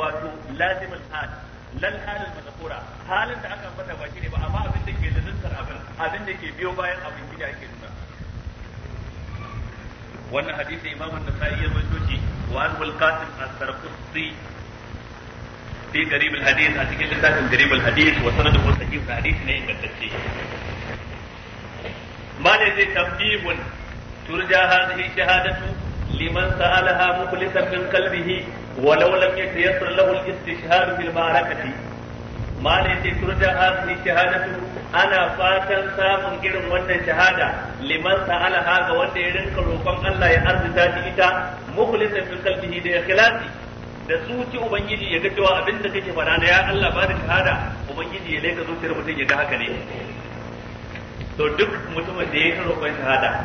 wato lazim al-hal lal hal al-madhkura halin da aka ambata ba shine ba amma abin da ke lazantar abin abin da ke biyo bayan abin gida ake nuna wannan hadisi imamu an-nasa'i ya rawaito shi wa al-qasim as-sarqusi في قريب الحديث أتكلم لسان قريب الحديث وسنده صحيح الحديث نين بالتشيء ما لدي تبديب ترجى هذه الشهادة لمن سألها مخلصا من قلبه ولو لم يتيسر له الاستشهاد في المعركة ما ليس ترجى هذه الشهادة أنا wannan shahada, جرم وند شهادة لمن سأل هذا وند يرنك روكم الله يأرض ذاتي إتا مخلصا في قلبه لإخلاصي da zuci ubangiji ya ga cewa abin da kake fara da ya Allah ba da shahada ubangiji ya leka zuciyar mutum ya ga haka ne to duk mutumin da ya yi roƙon shahada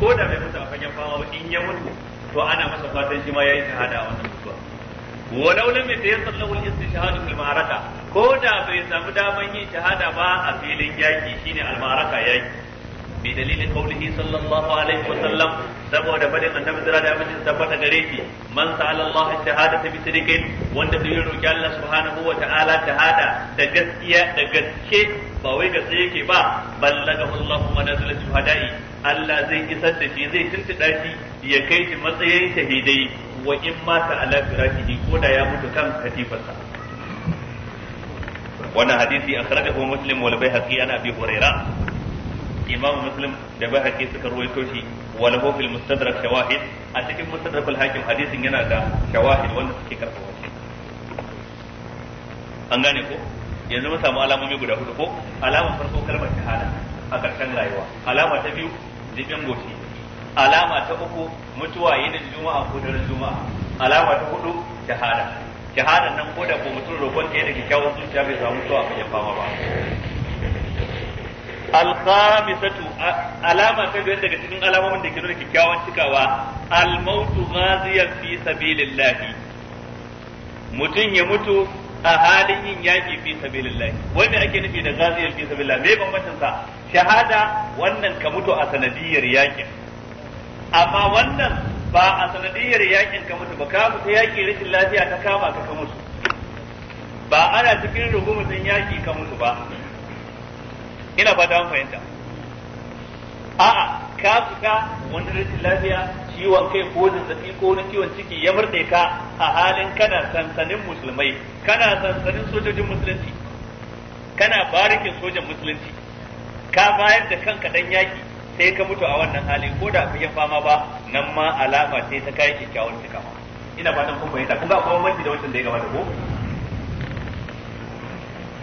ko da bai mutu a fagen fama ba in ya mutu to ana masa fatan shi ma yayi shahada a wannan mutuwa walau lam yatayassar lahu al istishhad fil ma'araka ko da bai samu daman yin shahada ba a filin yaki shine al-ma'araka yaki bi dalilin qawlihi sallallahu alaihi wa sallam saboda fadin annabi zira da mutum tabbata gare shi man sa'ala Allah shahadata bi sidqin wanda duk ya roki Allah subhanahu wa ta'ala shahada da gaskiya da gaske ba wai gaske yake ba ballagahu Allah manazilatu hada'i Allah zai isar da shi zai tuntuɗa shi ya kai shi matsayin shahidai wa in ta ala firashihi ko da ya mutu kan katifarsa wannan hadisi akhrajahu muslim wal baihaqi ana bi huraira imam muslim da baihaqi suka ruwaito shi wal lahu fil mustadrak shawahid a cikin mustadrak al hakim hadisin yana da shawahid wanda suke karɓa an gane ko yanzu mun samu alamomi guda hudu ko alamar farko kalmar shahada a ƙarshen rayuwa alama ta biyu diben goshi alama ta uku mutuwa yin juma'a ko daren juma'a alama ta hudu shahada shahada nan ko da ko mutum roƙon ke da kyakkyawan zuciya bai samu mutuwa bai fama ba al-khamisatu alama ta biyar daga cikin alamomin da ke nuna kyakkyawan cikawa al-mautu ghaziyan fi sabilillahi mutum ya mutu a halin yin yaki fi sabilillahi wanda ake nufi da ghaziyan fi sabilillahi me bambancin sa shahada wannan ka mutu a sanadiyar yakin amma wannan ba a sanadiyar yakin ka mutu ba ka mutu yaki rashin lafiya ta kama ka ka mutu ba ana cikin rugumutun yaki ka mutu ba ina ba an fahimta a'a ka fita wani rashin lafiya ciwon kai ko zazzabi ko na ciwon ciki ya murde ka a halin kana sansanin musulmai kana sansanin sojojin musulunci kana barikin sojan musulunci ka bayar da kanka dan yaki sai ka mutu a wannan hali ko da bai fama ba nan ma alama ce ta kai kikkiawar kama ina fatan kun bayyana kun ga akwai wani da wancan da ya gabata ko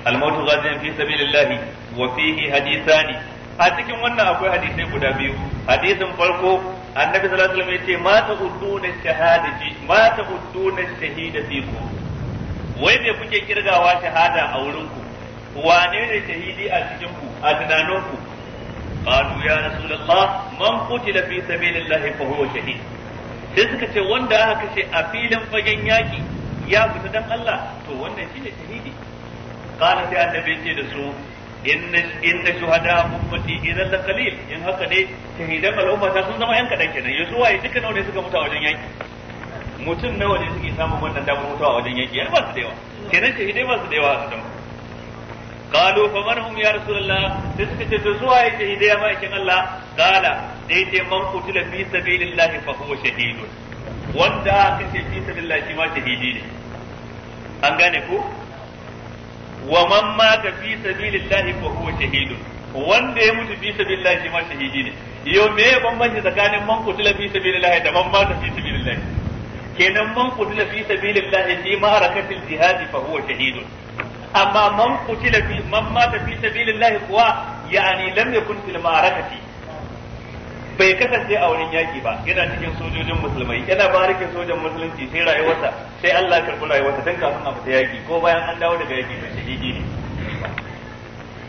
al-mautu غازيا fi sabilillah wa fihi hadithani a cikin wannan akwai hadisai guda biyu hadisin farko annabi sallallahu alaihi wasallam yace ma ta'uduna shahadati ma ta'uduna shahidati ku wai me kuke kirgawa shahada a wurin ku wane ne shahidi a cikin ku a tunanin ku qalu ya rasulullah man qutila fi sabilillah fa huwa shahid sai suka ce wanda aka kashe a filin fagen yaki ya fita dan Allah to wannan shine shahidi qala sai annabi ce da su inna inna shuhada ummati idan da qalil in haka ne shahidan al'umma ta sun zama yan kadan kenan yanzu waye duka nawa ne suka mutu a wajen yaki mutum nawa ne suke samun wannan damar mutuwa a wajen yaki Yan ba su da yawa kenan shahidai ba su da yawa a قالوا فمن هم يا رسول الله تسكت تزوى يتهدي ما يكن الله قال ديت من قتل في سبيل الله فهو شهيد wanda kace fi sabilillah shi ma shahidi ne an gane ko wa man mata fi huwa wanda ya mutu fi sabilillah shi ma shahidi ne yau me ya bambanci tsakanin man qutila fi sabilillah da man mata fi sabilillah kenan man qutila fi sabilillah fi ma'arakatil jihad fa huwa shahid amma man kutila fi man mata fi sabilillah kuwa yani lam yakun fil ma'arakati bai kasance a wurin yaki ba yana cikin sojojin musulmai yana barike sojan musulunci sai rayuwarsa sai Allah ya karbi rayuwarsa dan kafin a fita yaki ko bayan an dawo daga yaki sai shi ne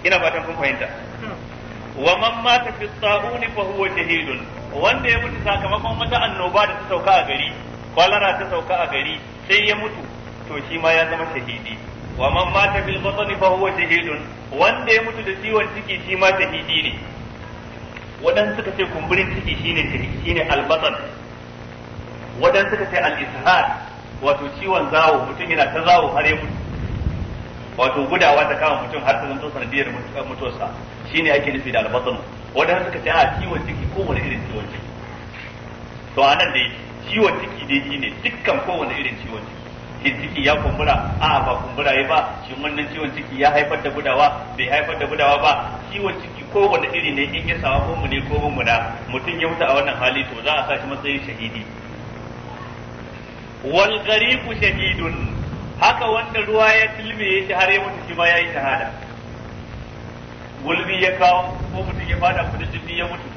ina fatan kun fahimta wa man mata fi sa'un fa huwa shahidun wanda ya mutu sakamakon wata annoba da ta sauka a gari kwalara ta sauka a gari sai ya mutu to shi ma ya zama shahidi wa man mata bil batni fa huwa shahidun wanda ya mutu da ciwon ciki shi ma shahidi ne wadan suka ce kumburin ciki shine shine albatan wadan suka ce al-ishar wato ciwon zawo mutum yana ta zawo har ya mutu wato gudawa ta kama mutum har ta zanto sanadiyar mutuwarsa shine ake nufi da albatan wadan suka ce a ah, ciwon ciki ko wani irin ciwon ciki to anan dai ciwon ciki dai shine dukkan wani irin ciwon ciki Cikin ciki ya kumbura a ba kumbura ya ba shi wannan ciwon ciki ya haifar da gudawa bai haifar da gudawa ba ciwon ciki ko wanda iri ne in ya sawa mu ne ko mu da mutum ya wuta a wannan hali to za a sa shi matsayin shahidi wal ghariqu shahidun haka wanda ruwa ya tilme shi har ya mutu shi ma yayi shahada gulbi ya kawo ko mutum ya fada kudin ya mutu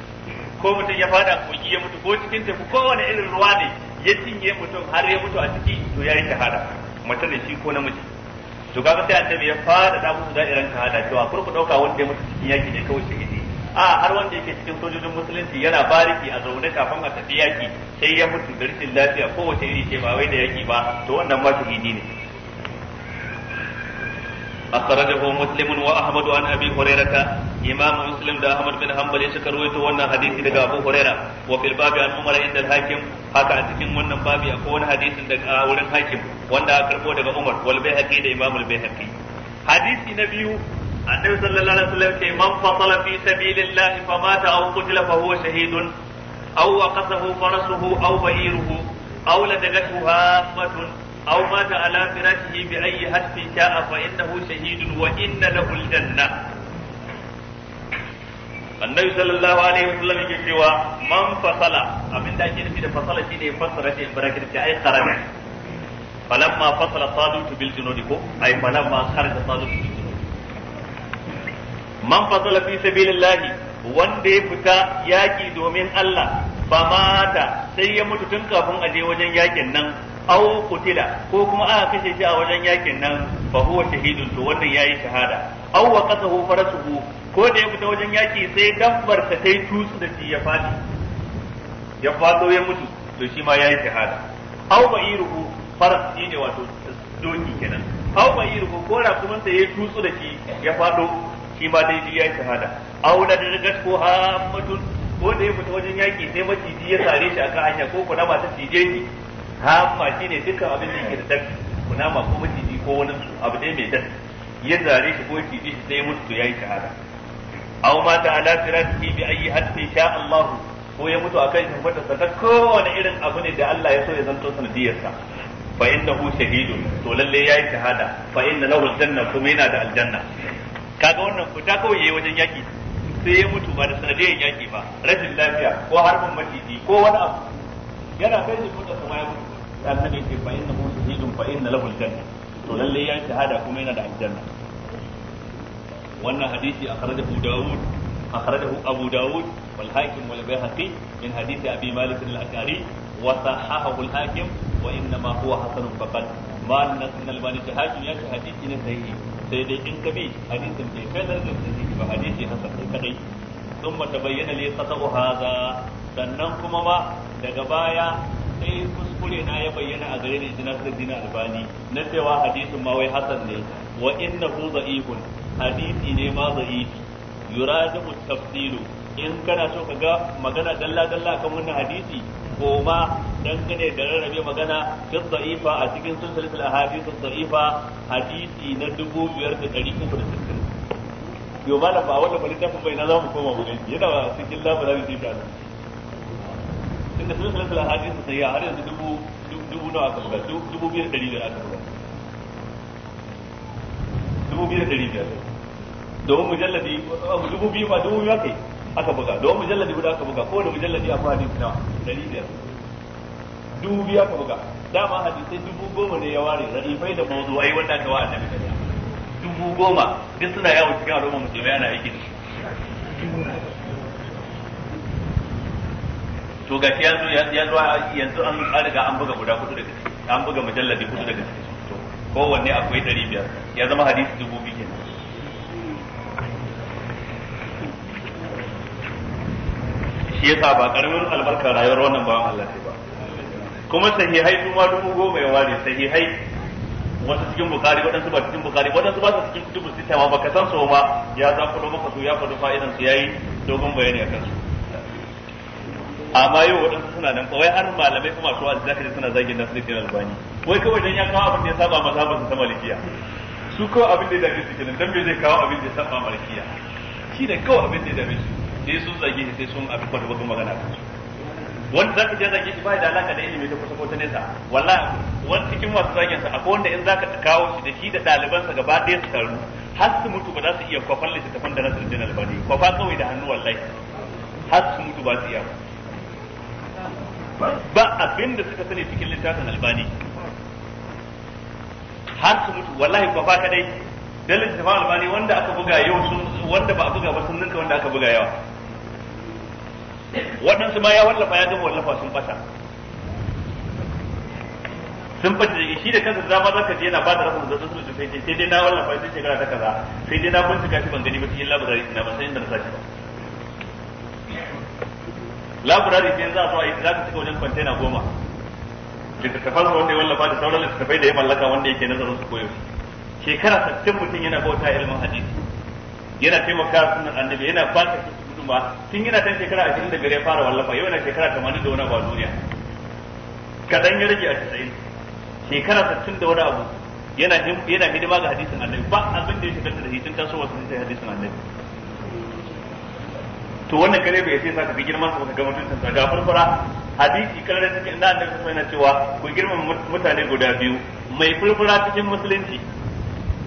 ko mutum ya fada kogi ya mutu ko cikin teku kowane irin ruwa ne ya cinye mutum har ya mutu a ciki to yi shahada mutum ne shi ko namiji to kaga sai annabi ya fara da musu da'iran shahada a kurku dauka wanda ya mutu cikin yaki ne kawai shahidi a har wanda yake cikin sojojin musulunci yana bariki a zaune kafin a tafi yaki sai ya mutu da rashin lafiya kowace iri ce ba wai da yaki ba to wannan ma shahidi ne أخرجه مسلم وأحمد عن أبي هريرة إمام مسلم ده أحمد بن حنبل يشكر رويته وانا حديث ده أبو هريرة وفي الباب عن عمر عند الحاكم haka a cikin wannan babi akwai wani hadisin daga wurin hakim wanda a karbo daga Umar wal Baihaqi da Imam al Baihaqi hadisi na biyu annabi sallallahu alaihi wasallam ce man fasala fi sabilillahi famata aw qutila fa huwa shahidun aw waqasahu farasuhu aw mata ala firashihi bi ayyi hasbi sha'a fa innahu shahidun wa inna lahu al-janna annabi sallallahu alaihi wasallam yake cewa man fasala abinda ake nufi da fasala shine fasara ce barakin ce ai kharaja falamma fasala sadut bil junudi ko ai falamma kharaja sadut bil junudi man fasala wanda ya fita yaki domin Allah Ba mata sai ya mutu tun kafin a je wajen yakin nan aw kutila ko kuma aka kashe shi a wajen yakin nan fa huwa shahidun to wannan yayi shahada aw qatahu farasuhu ko da ya fita wajen yaki sai dabbar ta kai tutsu da shi ya fadi ya fado ya mutu to shi ma yayi shahada aw iruhu faras ne wato doki kenan aw iruhu ko sai ya tutsu da shi ya fado shi ma dai yayi shahada aw da daga ko mutu ko da ya fita wajen yaki sai maciji ya sare shi akan hanya ko kuna ba ta cije ni hamma shine dukkan abin da yake da tafi kuna ma ko maciji ko wani abu dai mai dafi ya sare shi ko ciji cije shi sai ya mutu to yayi shahada aw ta ala siratihi bi ayi hadfi sha Allah ko ya mutu akan shimfata sa ta kowane irin abu ne da Allah ya so ya zanto sa fa innahu shahidun to lalle yayi shahada fa inna lahu aljanna kuma yana da aljanna kaga wannan ta kawai yayi wajen yaki sai ya mutu ba da sanadiyan yaki ba rashin lafiya ko harbin maciji ko wani abu yana kai shi mutu kuma ya mutu da ce fa inna hu shahidun fa inna lahu aljanna to lalle ya shahada kuma yana da aljanna wannan hadisi akhrajahu akhrajahu Abu wal Hakim wal min hadisi Abi Malik al-Akari wa sahahahu al-Hakim wa inna ma huwa faqat ma al-Bani ya ne sahihi sai dai in ka bi hadisin bai kai da da take ba hadisi hasan ne kadai sun mata bayyana ne qata'u hadha sannan kuma ba daga baya sai kuskure na ya bayyana a gare ni jina sirrin albani na cewa hadisin ma wai hasan ne wa innahu da'ifun hadisi ne ma da'ifi yuradu tafsilu in kana so ka ga magana dalla dalla kan wannan hadisi koma dangane da rarrabe magana fi da'ifa a cikin sulsul ahadith da'ifa hadisi na 5360 yo malam ba wanda bali tafin bai na zamu koma mu gani yana cikin labarin shi kana inda sulsul ahadith sai har yanzu dubu dubu nawa aka buga dubu biyar ɗari da aka buga dubu biyar ɗari biyar domin mujalladi dubu biyu ba dubu biyu kai aka buga don mujalladi guda aka buga da mujalladi a fadi na dari biyar dubu biyu aka buga dama hadisai dubu goma ne ya ware bai da mawdu'ai wanda ta wa annabi da dubu goma duk suna yawon cikin aroma musulmai ana aiki da to ga ya zo ya zo yanzu an riga an buga guda kudu daga ciki an buga mujalladi kudu daga ciki to kowanne akwai dari biyar ya zama hadisi dubu biyu kenan shi yasa ba karamin albarka rayuwar wannan bawan Allah sai ba kuma sahihai su ma dubu goma ya ware sahihai wasu cikin bukari waɗansu ba cikin bukari waɗansu ba su cikin dubu sita ma baka san su ma ya za ku maka su ya faɗi fa'idan su yayi dogon bayani a kansu amma yau waɗansu suna nan kawai har malamai kuma su azzakari suna zagin nasu da albani wai kawai dan ya kawo abin da ya saba ba su ta malikiya su kawai abin da ya dame su kenan dan bai zai kawo abin da ya saba malikiya shi ne kawai abin da ya dame su sai sun zage shi sai sun abin kwata bakin magana kan su Wani zaka je zage shi ba da alaka da ilimi ta kusa ko ta nesa wallahi wani cikin masu zagen sa akwai wanda in zaka kawo shi da shi da ɗaliban sa gaba ɗaya su taru har su mutu ba za su iya kwafan littattafan da na dinar ba ne kwafa kawai da hannu wallahi har su mutu ba su iya ba abin da suka sani cikin littafin albani har su mutu wallahi kwafa kadai dan tafa albani wanda aka buga yau sun wanda ba a buga ba sun ninka wanda aka buga yawa waɗansu ma ya wallafa ya gama wallafa sun fasa sun fata da shi da kansa zama za ka je yana ba da rafin da sun sai sai dai na wallafa sai shekara ta kaza sai dai na bincika shi ban gani ba cikin labarari na ba sai inda na sashi ba labarari sai za a zo a yi za ka cika wajen kwantena goma littattafan wanda ya wallafa da sauran littattafai da ya mallaka wanda yake nazarin su koyaushe shekara sattin mutum yana bauta ilimin hadisi yana taimaka sunan annabi yana baka gudunma tun yana tan shekara ashirin da gare fara wallafa yau yana shekara kamar da wani ba duniya kadan ya rage a casa'in shekara sattin da wani abu yana yana hidima ga hadisin annabi ba abin da ya shiga da hadisin tasowa sun sai hadisin annabi to wannan kare bai sai saka girman sa ga mutuncin sa ga farfara hadisi kare take inda annabi sai yana cewa ku girmama mutane guda biyu mai furfura cikin musulunci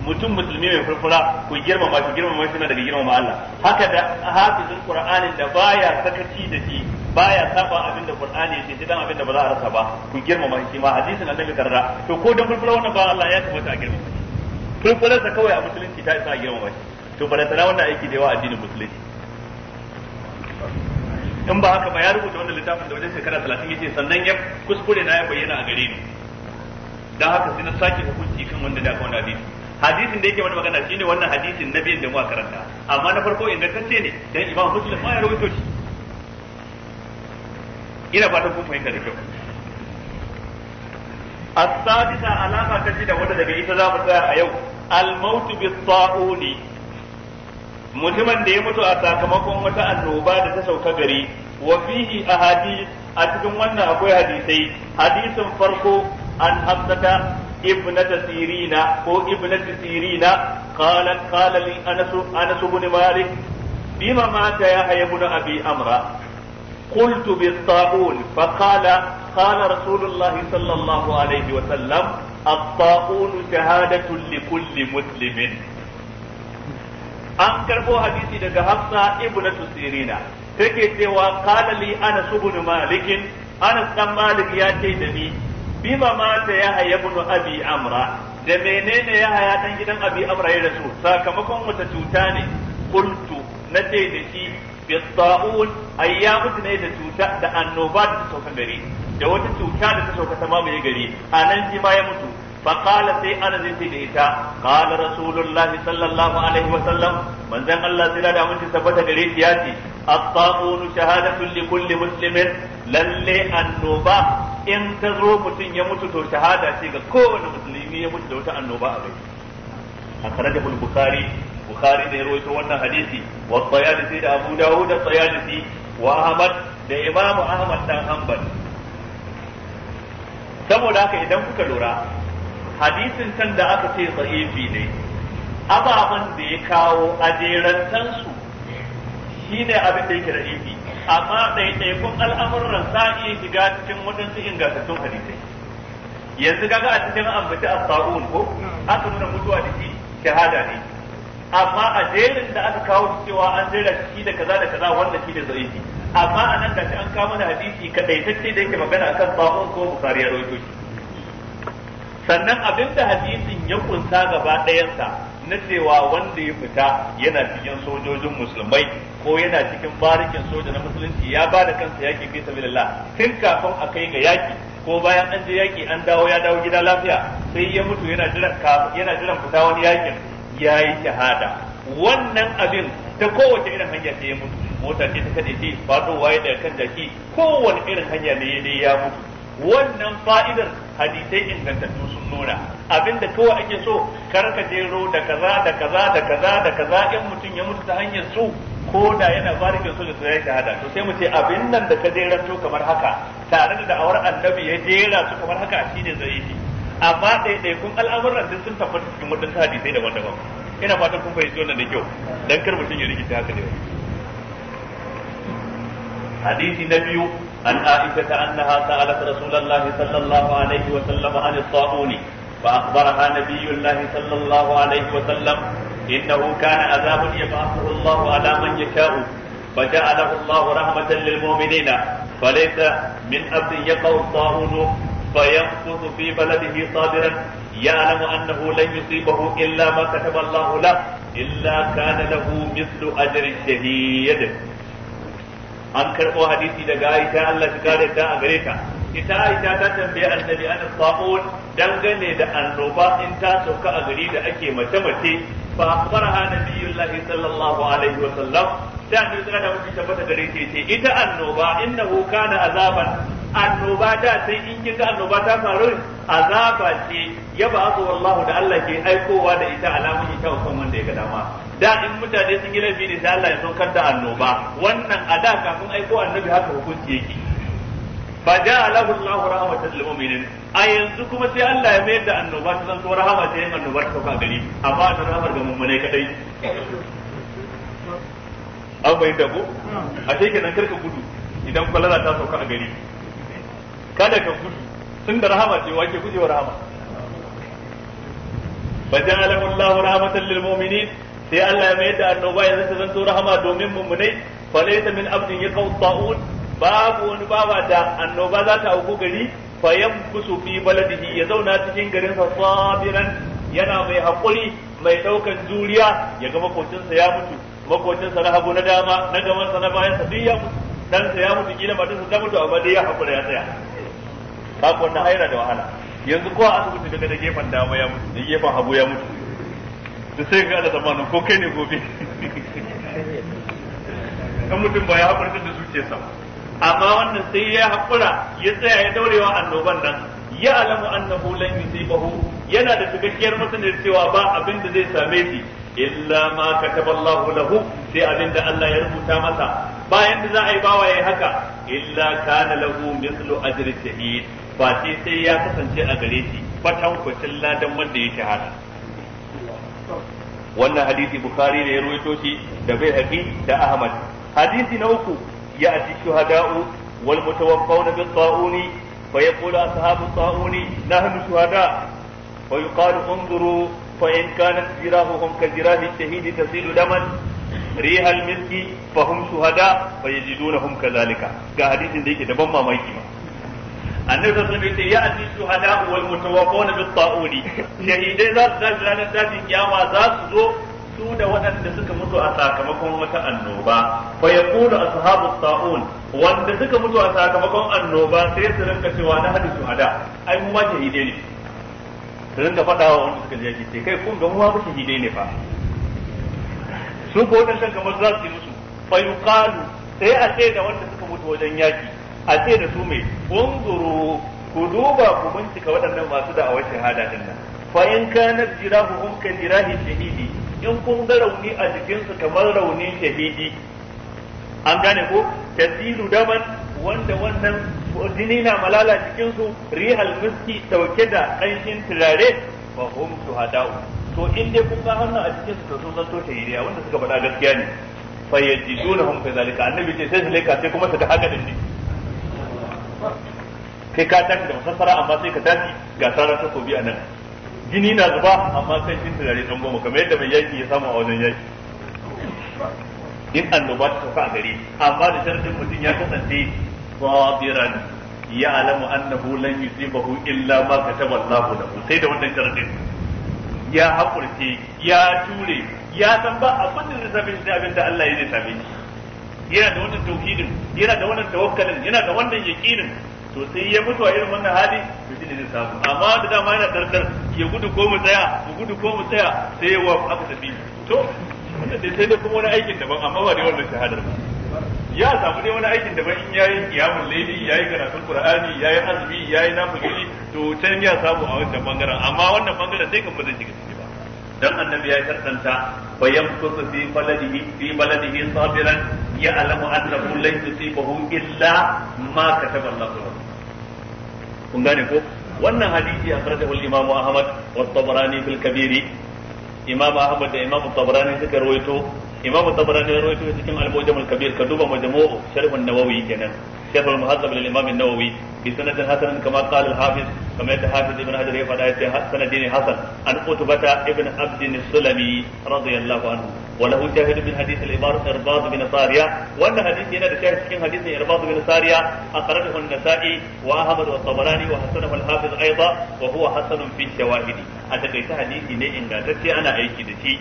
mutum musulmi mai furfura ku girmama shi girmama ma suna daga girmama Allah haka da hafizul qur'ani da baya sakaci da shi baya saba abin da Qur'ani yake sai dan abin da ba za a rasa ba ku girmama shi ma hadisin annabi karra to ko dan furfura wannan ba Allah ya tabbata a girma. shi sa kawai a musulunci ta isa a girmama To to balantana wannan aiki da yawa addinin musulunci in ba haka ba ya rubuta wannan littafin da wajen shekara 30 yace sannan ya kuskure na ya bayyana a gare ni dan haka sai na sake hukunci kan wanda da aka wannan hadisi hadisin da yake wani magana shine wannan hadisin na biyan da muka karanta amma na farko ingantacce ne dan imam muslim ma ya rawaito shi ina fatan kun fahimta da kyau daga ita za mu tsaya a yau. al-mauti الموت sa'uni mutumin da ya mutu a sakamakon wata annoba da ta sauka gari wa fihi ahadith a cikin wannan akwai hadisai hadisin farko an hamsata ابنة سيرين هو ابنة سيرين قالت قال لي أنس أنس بن مالك بما مات يحيى ابن أبي أمرة قلت بالطاعون فقال قال رسول الله صلى الله عليه وسلم الطاعون شهادة لكل مسلم أنكر karbo hadisi daga ابنة سيرينا Tusirina take لي qala li مالك ibn Malik مالك يا Malik bima mata yahya ibn abi amra da menene yahya dan gidan abi amra ya rasu sakamakon wata cuta ne na nace da shi bi ayyamu ne da cuta da annoba da ta sauka gari da wata cuta da ta sauka ta mamaye gari anan shi ma ya mutu فقال سي انا زي da ita قال رسول الله صلى الله عليه وسلم من ذن الله da mun tabbata gare shi yace at-ta'un shahadatu li kulli lalle annoba in ta zo mutum ya mutu to shahada ce ga kowane musulmi ya mutu da wata annoba a gai akhrajahu al-bukhari bukhari da ya rawaito wannan hadisi wa tsayadisi da abu dawud da tsayadisi wa ahmad da imamu ahmad dan hanbal saboda haka idan kuka lura hadisin can da aka ce sahihi ne ababen da ya kawo ajerantansu shine abin da yake da ifi amma ɗaiɗaikun al'amuran za a iya shiga cikin waɗansu ingantattun hadisai yanzu kaga a cikin ambaci a sa'un ko aka nuna mutuwa da shi shahada ne amma a jerin da aka kawo cewa an jera shi da kaza da kaza wanda shi da zaifi amma a nan da an kawo da hadisi kaɗaitacce da yake magana akan sa'un ko bukari ya rawaito shi sannan abinda hadisin ya kunsa gaba ɗayansa na cewa wanda ya fita yana cikin sojojin musulmai ko yana cikin barikin soja na musulunci ya ba da kansa yaki fi sabilillah tun kafin a kai ga yaki ko bayan an je yaki an dawo ya dawo gida lafiya sai ya mutu yana jiran fita wani yakin yayi shahada wannan abin ta kowace irin hanya ce ya mutu mota ce ta kade ce fadowa ya daga kan jaki kowane irin hanya ne ya mutu wannan fa'idar hadisai ingantattu sun nuna Abin da kawai ake so kar karka jero da kaza da kaza da kaza da kaza in mutum ya mutu ta hanyar su ko da yana barikin su da tsaye shahada to sai mu ce abin nan da ka to kamar haka tare da da'awar annabi ya jera su kamar haka shine zaifi amma kun al'amuran duk sun tabbata cikin waɗansu hadisai daban-daban ina fatan kun fahimci wannan da kyau dan kar mutum ya rikice haka ne hadisi na biyu عن عائشة أنها سألت رسول الله صلى الله عليه وسلم عن الطاعون فأخبرها نبي الله صلى الله عليه وسلم إنه كان عذاب يبعثه الله على من يشاء فجعله الله رحمة للمؤمنين فليس من أبد يقع الطاعون فيمكث في بلده صابرا يعلم أنه لن يصيبه إلا ما كتب الله له إلا كان له مثل أجر الشهيد an karɓo hadisi daga Aisha Allah ta kare ta a gare ta ita Aisha ta tambaye annabi an sa'un dangane da annoba in ta sauka a gari da ake mace mace fa akhbaraha nabiyullahi sallallahu alaihi wa sallam da zaka da mutum tabbata gare ta ce ita annoba innahu kana azaban annoba da sai in kin annoba ta faru azaba ce ya ba wallahu da Allah ke aikowa da ita alamun ita kan wanda ya ga dama da in mutane sun yi laifi ne sai Allah ya saukar da annoba wannan a da kafin aiko annabi haka hukunci yake fa ja'a lahu Allahu rahmatan lil mu'minin a yanzu kuma sai Allah ya mayar da annoba ta zanto rahama ta yin annoba ta sauka gari amma da rahamar ga mummunai kadai an bai da ku a sai kenan karka gudu idan kwalara ta sauka a gari kada ka gudu tun da rahama ce wake gujewa rahama fa ja'a lahu Allahu rahmatan lil mu'minin sai Allah ya mayar da annoba yanzu ta zanto rahama domin mummunai fa laysa min abdin yaqaw ta'ud babu wani bawa da annoba za ta auku gari fa yamkusu fi baladihi ya zauna cikin garin sa sabiran yana mai haƙuri mai ɗaukan juriya ya ga makocinsa ya mutu makocinsa na hagu na dama na gamansa na bayan sa duk ya mutu dan sa ya mutu kila ba ta mutu amma dai ya haƙura ya tsaya ba ko na haira da wahala yanzu ko asibiti daga da gefen dama ya mutu da gefen hagu ya mutu da sai ga da tsammanin ko kai ne gobe kan mutum ba ya haƙurta da zuciyarsa amma wannan sai ya haƙura ya tsaya ya daurewa annoban nan ya alamu annahu lan yusibahu yana da cikakkiyar masanar cewa ba abin da zai same shi illa ma kataballahu lahu sai abin da Allah ya rubuta masa bayan da za a yi bawa yi haka illa kana lahu mithlu ajri shahid ba sai ya kasance a gare shi kwatankwacin ladan wanda ya shahara. wannan hadisi bukhari ne ya ruwaito shi da baihaqi da ahmad hadisi na uku ya ati shuhada'u wal mutawaffawna bil ta'uni fa yaqulu ashabu ta'uni nahnu shuhada fa yuqalu unzuru fa in kanat jirahuhum ka jirahi shahidi tasilu daman riha al miski fa hum shuhada fa yajidunahum kadhalika ga hadisin da yake da ban mamaki ma annabi sun yi ta ya ati shuhada wal mutawaffawna bi ta'uni shahidai za su tashi ranar tashin kiyama za su zo su da waɗanda suka mutu a sakamakon wata annoba fa yaqulu ashabu ta'un wanda suka mutu a sakamakon annoba sai su rinka cewa na hadisu shuhada ai mu ma shahidai ne su rinka faɗa wa wanda suka je ce kai kun ga mu ma shahidai ne fa su ko shan kamar za su yi musu fa yuqalu sai a ce da wanda suka mutu wajen yaki a ce da su mai unzuru ku duba ku bincika waɗannan masu da da'awar shahada din nan fa in kana jirahuhum ka jirahi shahidi in kun ga rauni a jikinsu kamar raunin shahidi an gane ko tasiru daban wanda wannan jini na malala cikinsu rihal miski dauke da ƙanshin turare fa hum shuhada'u to in dai kun ga hannu a cikin su sun zanto shahidiya wanda suka faɗa gaskiya ne fa yajidunahum fi zalika annabi ce sai su leka sai kuma su ga haka din ne kai ka tashi da musassara amma sai ka tashi ga sarar takobi a nan jini na zuba amma sai jin turare dan goma kamar yadda mai yaki ya samu a wajen yaki in annoba ta sauka a gare amma da sharadin mutum ya kasance sabiran ya alamu annahu lan yusibahu illa ma kataba Allahu lahu sai da wannan sharadin ya hakurce ya ture ya san ba abin da zai same abin da Allah ya zai same shi yana da wannan tauhidin yana da wannan tawakkalin yana da wannan yaqinin to sai ya mutu a irin wannan hali to shi ne samu amma da dama yana dardar ya gudu ko mu tsaya mu gudu ko mu tsaya sai ya wa aka tafi to wannan sai sai da kuma wani aikin daban amma ba dai wannan shahadar ba ya samu dai wani aikin daban in yayi qiyamul layli yayi karatun qur'ani yayi azumi yayi nafili to can ya samu a wannan bangaren amma wannan bangaren sai kan ba zai shiga ciki ba dan annabi ya karanta fa yamkutu fi baladihi fi baladihi sabiran ya alamu annahu lan yusibahu illa ma kataballahu lahu kun gane ko wannan hadisi a sarrafa imamu ahmad wa tabarani fil kabiri imamu ahmad da imamu tabarani suka rawaito imamu tabarani ya rawaito cikin al-mujam al-kabir ka duba majmu'u sharh an-nawawi kenan sharh al-muhazzab lil imam an-nawawi bi sanadin hasan kama qala al-hafiz kama yadda hafiz ibn hajar ya fada yace sanadin hasan an utbata ibn abd as-sulami radiyallahu anhu wa lahu shahid min hadith al-ibar irbad bin sariya wa anna hadith yana da shahid cikin hadith irbad bin sariya an-nasa'i wa ahmad wa tabarani wa hasanahu al-hafiz aidan wa huwa hasan fi shawahidi a takaice hadisi ne ingantacce ana aiki da shi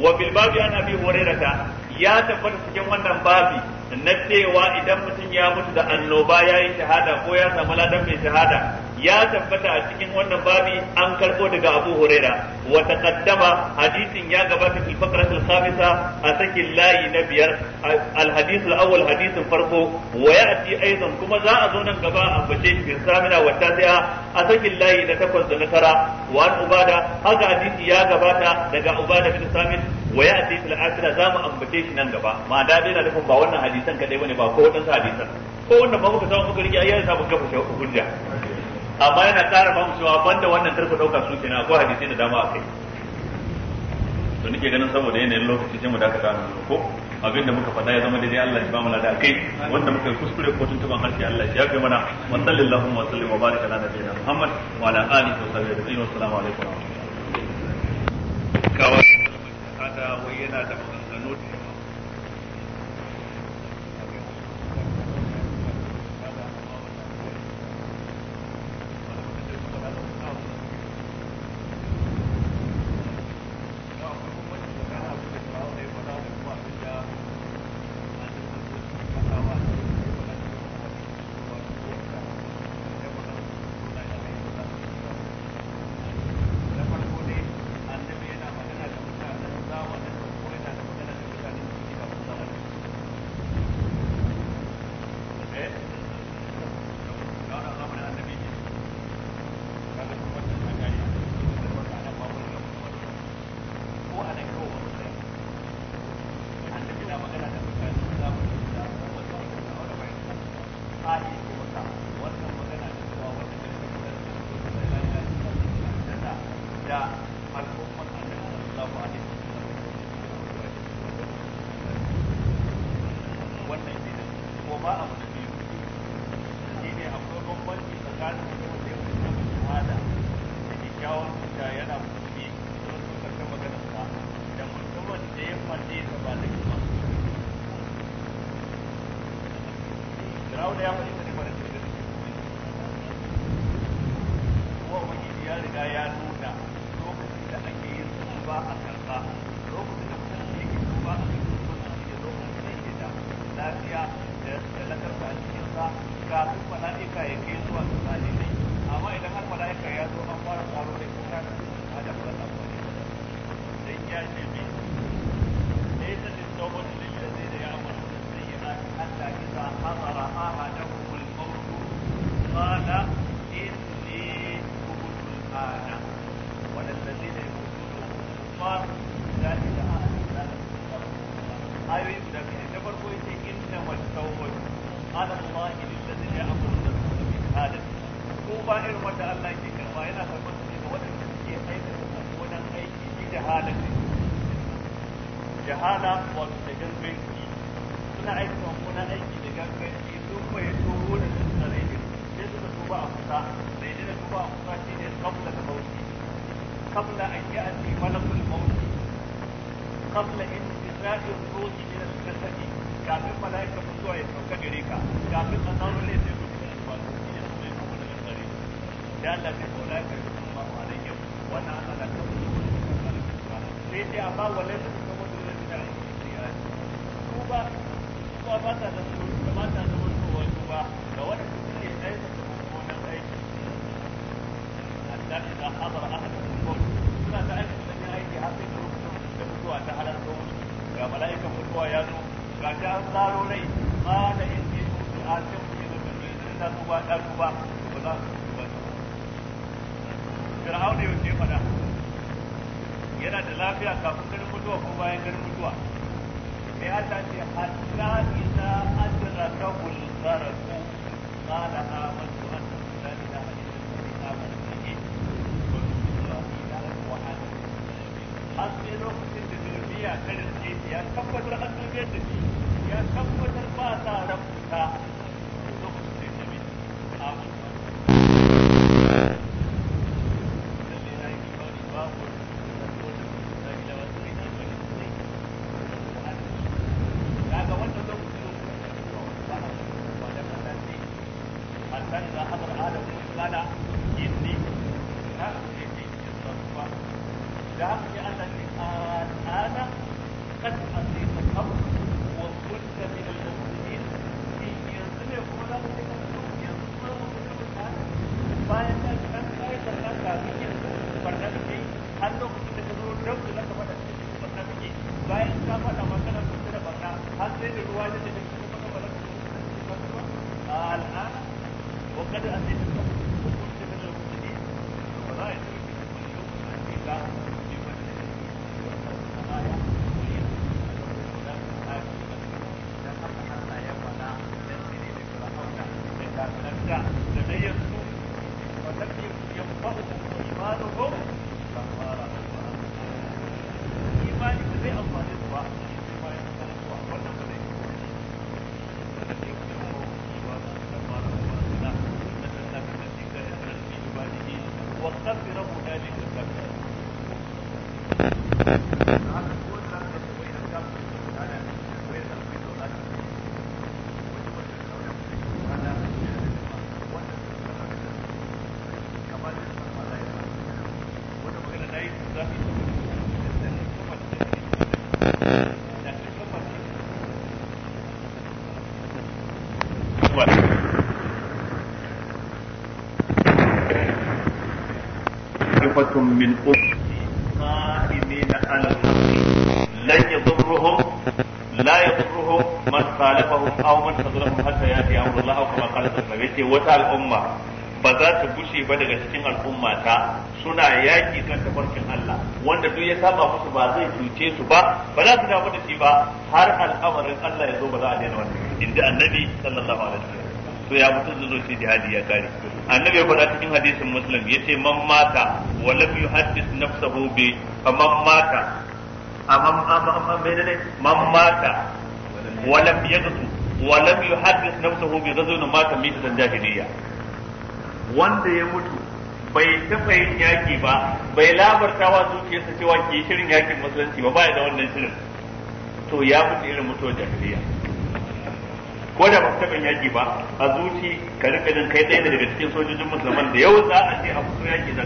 wa bil babi an abi ta ya tabbata cikin wannan babi na cewa idan mutum ya mutu da annoba yayi shahada ko ya samu ladan mai shahada ya tabbata a cikin wannan babi an karbo daga Abu Huraira wa taqaddama hadisin ya gabata fil faqratil khamisa a sakin layi na biyar al hadith al awwal hadisin farko wa ya'ti aidan kuma za a zo nan gaba a bace fil samina wa tasi'a a sakin layi na takwas da na tara wa an ubada haka hadisi ya gabata daga ubada bin samin wa ya'ti fil akhira za mu ambace shi nan gaba ma da dai na nufin ba wannan hadisan kadai bane ba ko wadansu hadisan ko wannan ba muka samu muka rike ayyana sa muka kafa hujja amma yana ƙara ba mu cewa banda wannan karku ɗauka su kenan akwai hadisi da dama a kai to nake ganin saboda yanayin lokaci sai mu dakata mu ko abin da muka faɗa ya zama daidai Allah ya ba mu lada kai wanda muka yi kuskure ko tuntuban harshe Allah ya fi mana wa sallallahu wa sallim wa baraka ala nabiyina Muhammad wa ala alihi wa sahbihi wa sallam alaikum kawai kada wai yana da maganganu 关了 ala Allah lillazi Allah yana aiki ne a kafin mala'ika mutuwa ya sauka gare ka kafin an zaro ne sai ku ba su yi da mai kuma da Allah sai kuma ba yau wannan Allah ku sai dai amma da ku ba ku ba ta da su ba ta da wani ba ga wani har sai mutum ya tuba tuba ba za su fir'aun ne yake yana da lafiya kafin garin mutuwa ko bayan garin mutuwa sai Allah ce hatta idza adraka bul qala amantu la ilaha illa har sai lokacin da ta karin ya tabbatar an ya tabbatar ba sa rabuta من أمتي قائمين على الحق لن يضرهم لا يضرهم من خالفهم أو من خذلهم حتى يأتي أمر الله أو كما قال صلى الله عليه وسلم الأمة ba za ta gushe ba daga cikin al'umma ta suna yaƙi kan tafarkin Allah wanda duk ya saba musu ba zai cuce su ba ba za su dawo da shi ba har al'amarin Allah ya zo ba za a daina wannan inda annabi sallallahu alaihi wasallam to ya mutum zo shi jihadi ya kare annabi ya faɗa cikin hadisin muslim ya ce man mata wa lam yuhaddis nafsahu bi man mata man mata wa lam yaghzu wa lam yuhaddis nafsahu bi ghazwin mata mitatan jahiliya wanda ya mutu bai tafa yin yaki ba bai labarta wa zuciyarsa cewa ke shirin yakin musulunci ba ba ya da wannan shirin to ya mutu irin mutuwar jahiliya ko da baka taɓa yaƙi ba a zuci ka rika jin kai ɗaya daga cikin sojojin musulman da yau za a ce a fito yaƙi da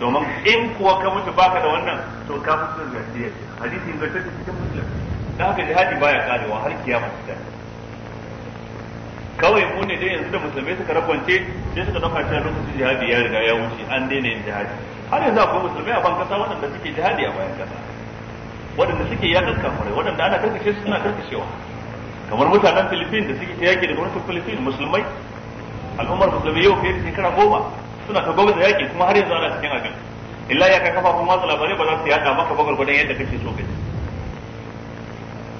domin in kuwa ka mutu baka da wannan to ka fito da gaskiya hadisi ga ta cikin musulman da haka jihadi baya karewa har kiyama ta kawai mu ne dai yanzu da musulmai suka rakwance sai suka dauka cikin lokacin jihadi ya riga ya wuce an daina yin jihadi har yanzu akwai musulmai a bankasa waɗanda suke jihadi a bayan kasa waɗanda suke yakan kafirai waɗanda ana karkashe suna karkashewa kamar mutanen Filifin da suke ta yaki da gwamnatin Filifin musulmai al'ummar musulmai yau fiye da shekara goma suna ta gwamnatin yaƙi kuma har yanzu ana cikin agan illa ya kafa kafafun watsa labarai ba za su yada maka bagwagwadon yadda kake so kai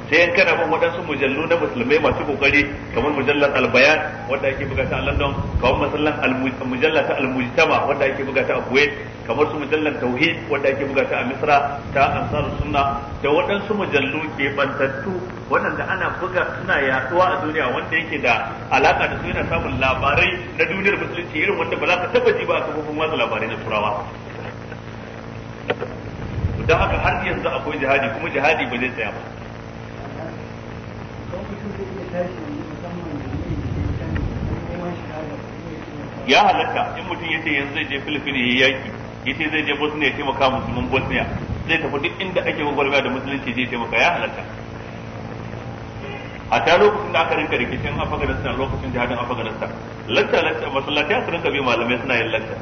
sai yan kana bin waɗansu mujallu na musulmai masu kokari kamar mujallar albayan wanda ake buga ta a london kamar musallan mujallar ta almujtama wanda ake buga ta a kuwait kamar su mujallar tauhid wanda ake buga ta a misra ta ansar sunna da waɗansu mujallu ke bantattu waɗanda ana buga suna yaduwa a duniya wanda yake da alaka da su yana samun labarai na duniyar musulunci irin wanda ba za ka taba ji ba a kafofin watsa labarai na turawa don haka har yanzu akwai jihadi kuma jihadi ba zai tsaya ba ya halatta in mutum ce yanzu zai je Filifini ya yaki ya ce zai je Bosnia ya taimaka musulman Bosnia zai tafi duk inda ake gwagwarmaya da musulunci zai taimaka ya halatta a ta lokacin da aka rinka rikicin Afghanistan lokacin jihadin Afghanistan lantar lacca masallaci aka rinka bi malamai suna yin lantar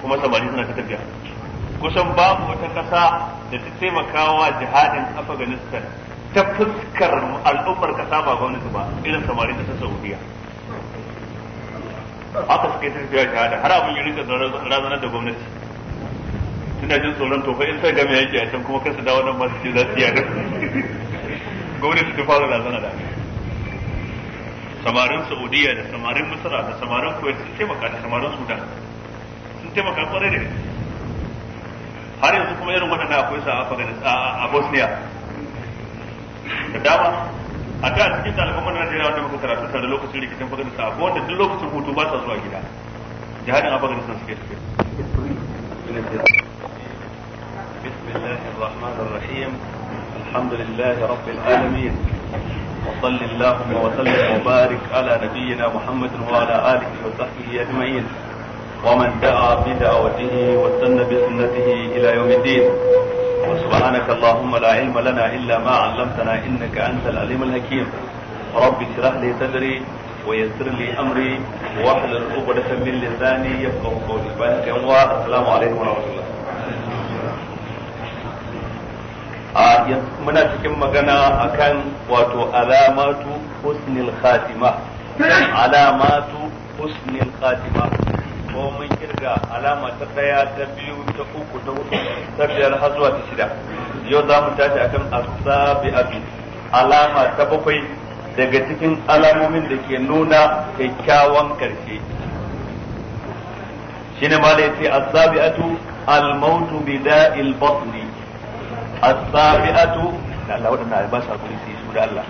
kuma samari suna ta tafiya kusan babu wata kasa da ta taimakawa jihadin Afghanistan ta fuskar al'ummar kasa ba gwamnati ba irin samari da ta saudiya aka suke ta tafiya shahada har abin yin da razanar da gwamnati suna jin tsoron to fa in sai game yake a can kuma kansu dawo nan masu ce za su yi gwamnati ta fara razana da samarin saudiya da samarin misra da samarin kuwait sun taimaka da samarin sudan sun taimaka kwarai da har yanzu kuma irin waɗanda akwai sa a bosnia da dama a da cikin ɗaliban mana Najeriya wanda muka karatu tare lokacin rikicin Afghanistan akwai wanda duk lokacin hutu ba sa zuwa gida jihadin Afghanistan suke suke بسم الله الرحمن الرحيم الحمد لله رب العالمين وصل اللهم وسلم وبارك على نبينا محمد وعلى اله وصحبه اجمعين ومن دعا بدعوته واستنى بسنته الى يوم الدين وسبحانك اللهم لا علم لنا إلا ما علمتنا إنك أنت العليم الحكيم رب اشرح لي صدري ويسر لي أمري واحلل عقدة من لساني يفقه قولي بارك السلام عليكم ورحمة الله muna cikin magana akan wato alamatu husnil khatima alamatu husnil khatima ko mun kirga alama ta daya ta biyu ta uku ta hudu ta biyar har zuwa ta shida yau za mu tashi akan asabi abi alama ta bakwai daga cikin alamomin da ke nuna kyakkyawan karshe shine ma da yace asabi'atu al-mautu bida'il batni asabi'atu Allah wadannan albasa kuri sai su da Allah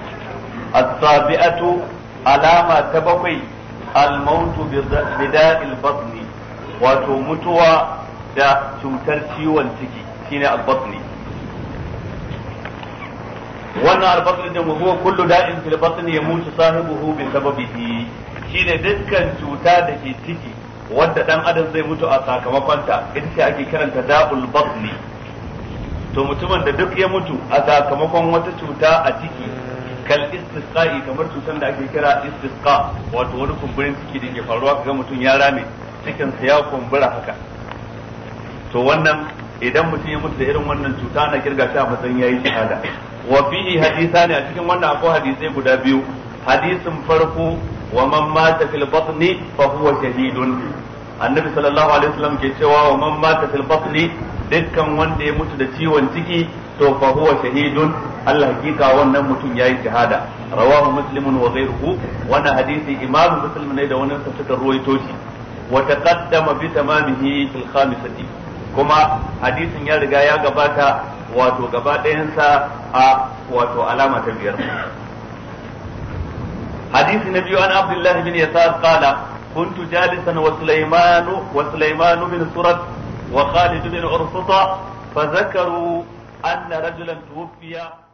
asabi'atu alama ta bakwai الموت بداء البطن wato mutuwa da cutar ciwon ciki shine albatni wannan albatni da mu huwa kullu da'in fil batni yamutu sahibuhu bi sababihi shine dukkan cuta da ke ciki wadda dan adam zai mutu a sakamakon ta ita ce ake kiranta da'ul batni to mutumin da duk ya mutu a sakamakon wata cuta a ciki kal istisqa'i kamar cutar da ake kira istisqa wato wani kumburin ciki da ke faruwa ga mutum ya rame cikin sa ya kumbura haka to wannan idan mutum ya mutu da irin wannan cuta na kirga shi a matsayin yayi shahada wa fihi hadithani a cikin wannan akwai hadisai guda biyu hadisin farko wa man mata fil batni fa huwa shahidun annabi sallallahu alaihi wasallam ke cewa wa man mata fil batni dukkan wanda ya mutu da ciwon ciki to fa huwa shahidun Allah hakika wannan mutum yayi shahada rawahu muslimun wa ghayruhu wannan hadisi imamu muslim ne da wannan suka ruwaito shi wa taqaddama bi tamamihi fil khamisati kuma hadisin ya riga ya gabata wato gaba a wato alama ta biyar hadisi na biyu an abdullahi bin yasar qala كنت جالسا وسليمان وسليمان بن سرد وخالد بن عرفطة فذكروا أن رجلا توفي